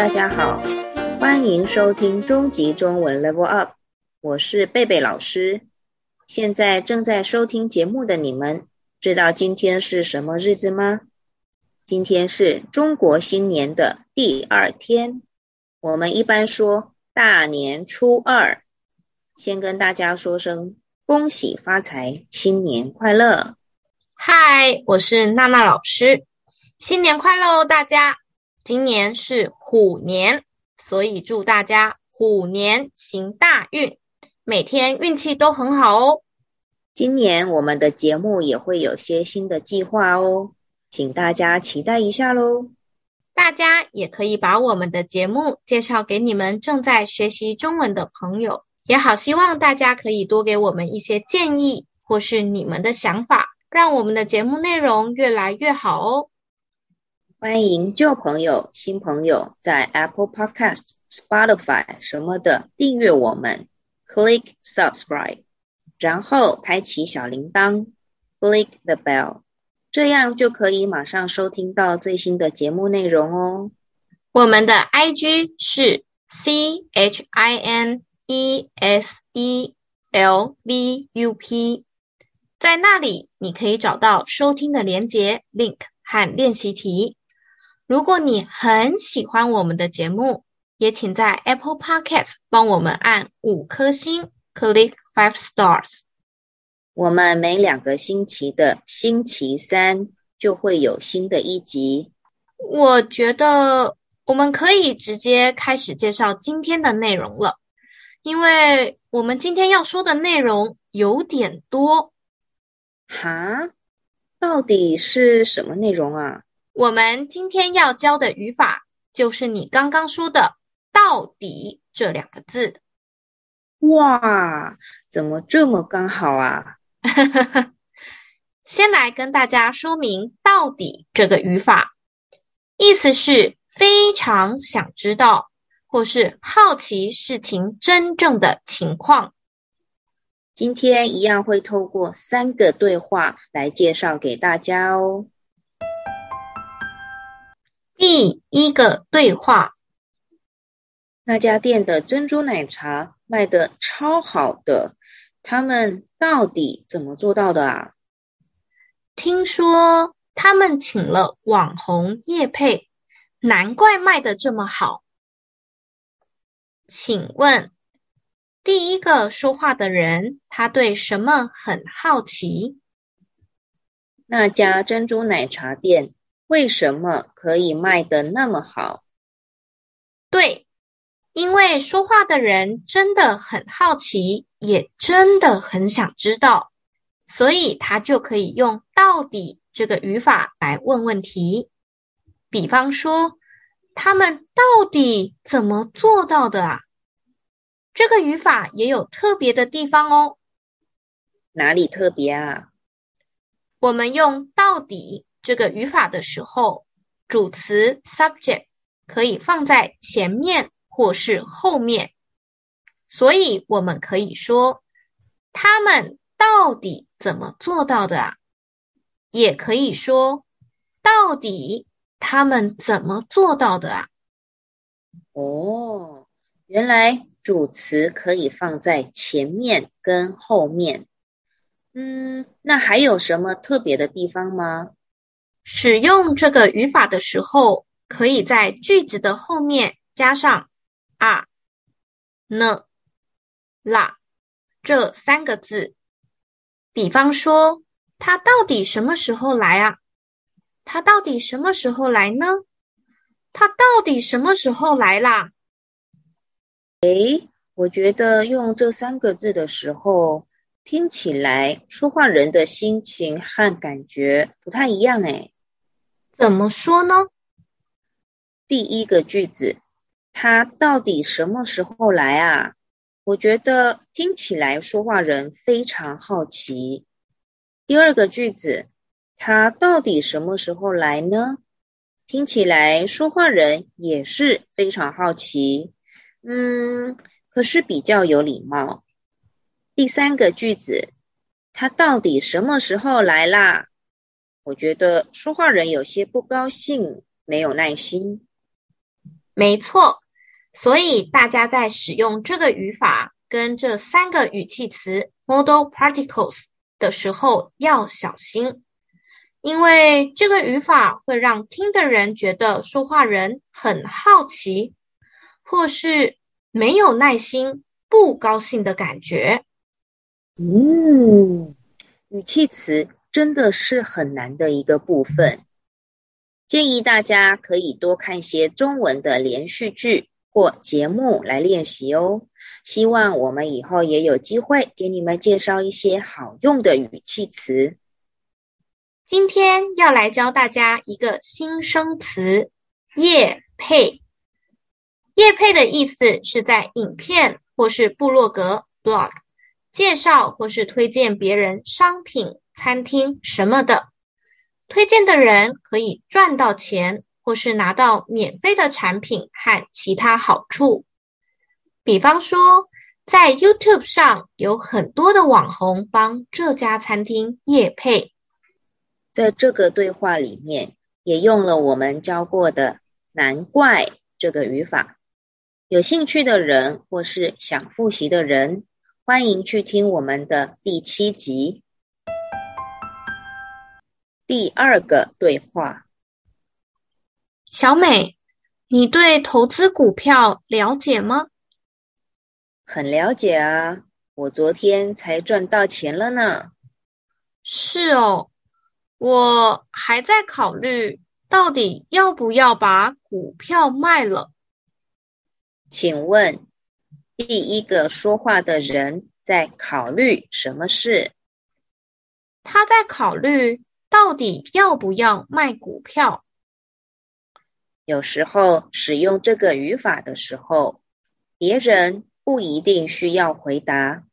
大家好，歡迎收聽中級中文 Level Up，我是貝貝老師。現在正在收聽節目的你們，知道今天是什麼日子嗎？今天是中國新年的第二天，我們一般說大年初二。先跟大家說聲恭喜發財，新年快樂！嗨，我是娜娜老師，新年快樂哦，大家。今年是虎年，所以祝大家虎年行大運，每天運氣都很好哦。今年我們的節目也會有些新的計劃哦，請大家期待一下嘍。大家也可以把我們的節目介紹給你們正在學習中文的朋友也好，希望大家可以多給我們一些建議或是你們的想法，讓我們的節目內容越來越好哦。歡迎舊朋友、新朋友在 Apple Podcast、Spotify 什麼的訂閱我們，click subscribe，然後開啟小鈴鐺，click the bell，這樣就可以馬上收聽到最新的節目內容哦。我們的 IG 是 C H I N E S E L V U P，在那裡你可以找到收聽的連結 link 和練習題。如果你很喜歡我們的節目，也請在 Apple Podcast 幫我們按五顆星，click five stars。我們每兩個星期的星期三就會有新的一集。我覺得我們可以直接開始介紹今天的內容了，因為我們今天要說的內容有點多。哈，到底是什麼內容啊？我們今天要教的語法就是你剛剛說的“到底”這兩個字。哇，怎麼這麼剛好啊？ 先來跟大家說明“到底”這個語法，意思是非常想知道或是好奇事情真正的情況。今天一樣會透過三個對話來介紹給大家哦。第一個對話，那家店的珍珠奶茶賣得超好的，他們到底怎麼做到的啊？聽說他們請了網紅業配，難怪賣得這麼好。請問，第一個說話的人，他對什麼很好奇？那家珍珠奶茶店。為什麼可以賣得那麼好？對，因為說話的人真的很好奇，也真的很想知道，所以他就可以用“到底”這個語法來問問題。比方說，他們到底怎麼做到的啊？這個語法也有特別的地方哦。哪裡特別啊？我們用“到底”。這個語法的時候，主詞 subject 可以放在前面或是後面，所以我們可以說，他們到底怎麼做到的啊？也可以說，到底他們怎麼做到的啊？哦，原來主詞可以放在前面跟後面。嗯，那還有什麼特別的地方嗎？使用這個語法的時候，可以在句子的後面加上啊、呢、啦這三個字。比方說，他到底什麼時候來啊？他到底什麼時候來呢？他到底什麼時候來啦？誒、哎，我覺得用這三個字的時候。聽起來說話人的心情和感覺不太一樣，哎，怎麼說呢？第一個句子，他到底什麼時候來啊？我覺得聽起來說話人非常好奇。第二個句子，他到底什麼時候來呢？聽起來說話人也是非常好奇。嗯，可是比較有禮貌。第三個句子，他到底什麼時候來啦？我覺得說話人有些不高興，沒有耐心。沒錯，所以大家在使用這個語法跟這三個語氣詞 modal particles 的時候要小心，因為這個語法會讓聽的人覺得說話人很好奇，或是沒有耐心、不高興的感覺。嗯，語氣詞真的是很難的一個部分，建議大家可以多看一些中文的連續劇或節目來練習哦。希望我們以後也有機會給你們介紹一些好用的語氣詞。今天要來教大家一個新生詞“業配”，“業配”的意思是在影片或是部落格 （blog）。介紹或是推薦別人商品、餐廳什麼的，推薦的人可以賺到錢或是拿到免費的產品和其他好處。比方說，在 YouTube 上有很多的網紅幫這家餐廳業配。在這個對話裡面也用了我們教過的“難怪”這個語法。有興趣的人或是想複習的人。歡迎去聽我們的第七集。第二個對話。小美，你對投資股票了解嗎？很了解啊，我昨天才賺到錢了呢。是哦，我還在考慮到底要不要把股票賣了。請問，第一個說話的人在考慮什麼事？他在考慮到底要不要賣股票。有時候使用這個語法的時候，別人不一定需要回答，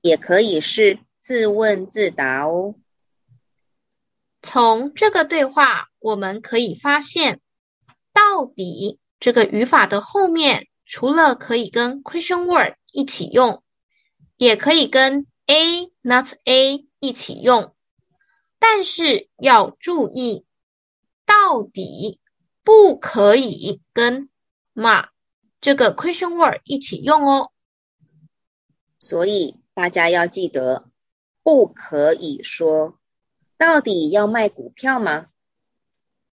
也可以是自問自答哦。從這個對話，我們可以發現，到底這個語法的後面。除了可以跟 question word 一起用，也可以跟 a not a 一起用，但是要注意，到底不可以跟嗎這個 question word 一起用哦。所以大家要記得，不可以說到底要賣股票嗎？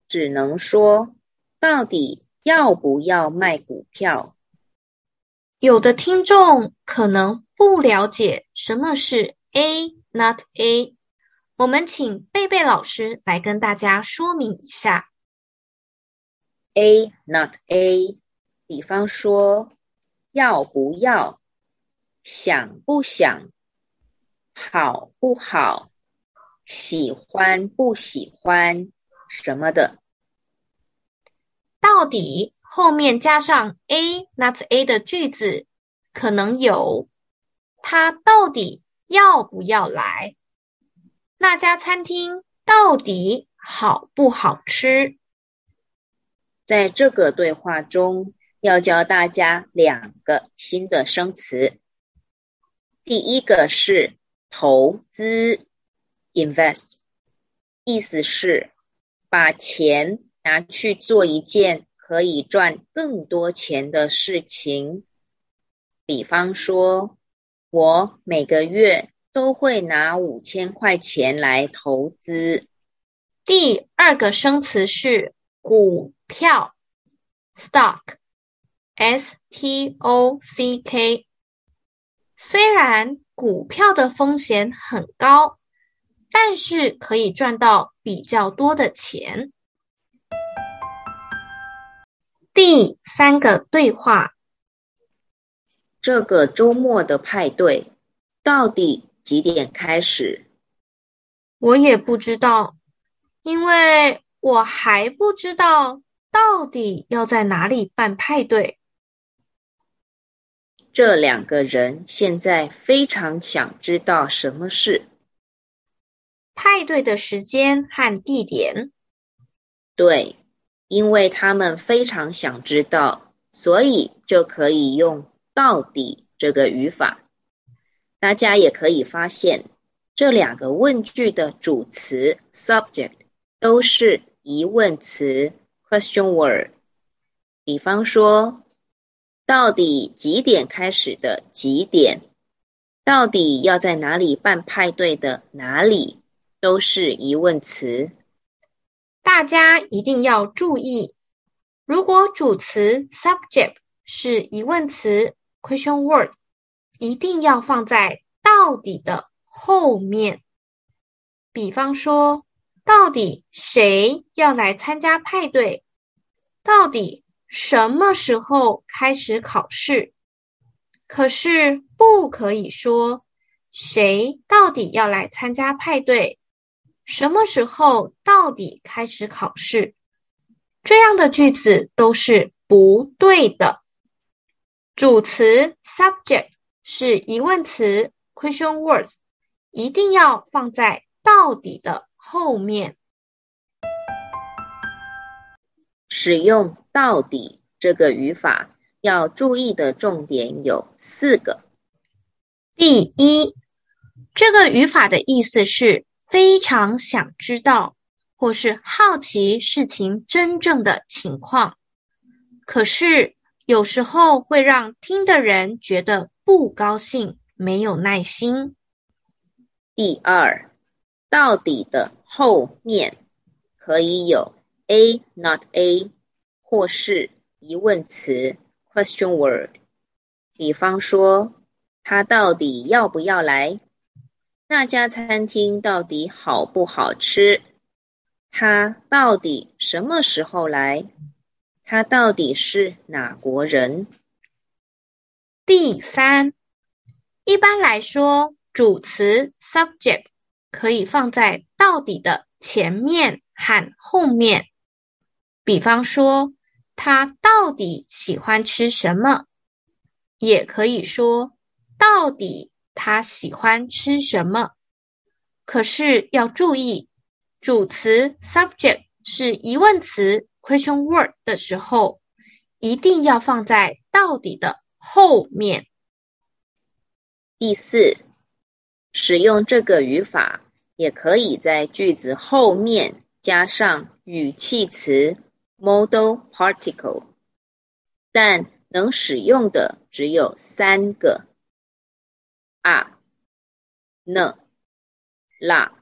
只能說到底要不要賣股票？有的聽眾可能不了解什麼是 A not A，我們請貝貝老師來跟大家說明一下 A not A。比方說，要不要，想不想，好不好，喜歡不喜歡什麼的，到底。後面加上 a not a 的句子可能有，他到底要不要來？那家餐廳到底好不好吃？在這個對話中要教大家兩個新的生詞，第一個是投資，invest，意思是把錢拿去做一件。可以賺更多錢的事情，比方說，我每個月都會拿五千塊錢來投資。第二個生詞是股票，stock，S-T-O-C-K。雖然股票的風險很高，但是可以賺到比較多的錢。第三個對話。這個週末的派對到底幾點開始？我也不知道，因為我還不知道到底要在哪裡辦派對。這兩個人現在非常想知道什麼事？派對的時間和地點。對。因為他們非常想知道，所以就可以用“到底”這個語法。大家也可以發現，這兩個問句的主詞 （subject） 都是疑問詞 （question word）。比方說，“到底幾點開始的幾點”、“到底要在哪裡辦派對的哪裡”都是疑問詞。大家一定要注意，如果主詞 subject 是疑問詞 question word，一定要放在到底的後面。比方說，到底誰要來參加派對？到底什麼時候開始考試？可是不可以說誰到底要來參加派對？什麼時候到底開始考試？這樣的句子都是不對的。主詞 subject 是疑問詞 question words，一定要放在到底的後面。使用到底這個語法，要注意的重點有四個。第一，這個語法的意思是，非常想知道或是好奇事情真正的情況，可是有時候會讓聽的人覺得不高興、沒有耐心。第二，到底的後面可以有 A not A 或是疑問詞 question word，比方說，他到底要不要來？那家餐廳到底好不好吃？他到底什麼時候來？他到底是哪國人？第三，一般來說，主詞 （subject） 可以放在“到底”的前面和後面。比方說，他到底喜歡吃什麼？也可以說，到底，他喜歡吃什麼？可是要注意，主詞 （subject） 是疑問詞 （question word） 的時候，一定要放在到底的後面。第四，使用這個語法也可以在句子後面加上語氣詞 （modal particle），但能使用的只有三個。啊，呢，啦，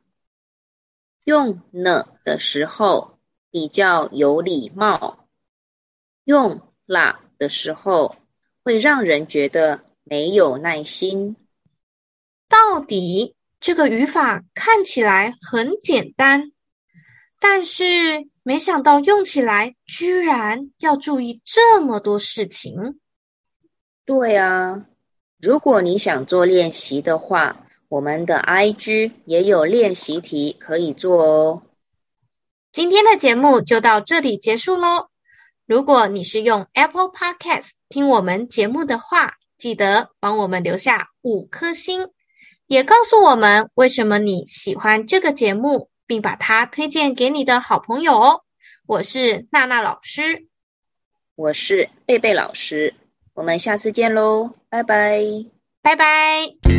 用呢的時候比較有禮貌，用啦的時候會讓人覺得沒有耐心。到底這個語法看起來很簡單，但是沒想到用起來居然要注意這麼多事情。對啊。如果你想做練習的話，我們的 IG 也有練習題可以做哦。今天的節目就到這裡結束嘍。如果你是用 Apple Podcast 聽我們節目的話，記得幫我們留下五顆星，也告訴我們為什麼你喜歡這個節目，並把它推薦給你的好朋友哦。我是娜娜老師。我是貝貝老師。我們下次見嘍，拜拜，拜拜。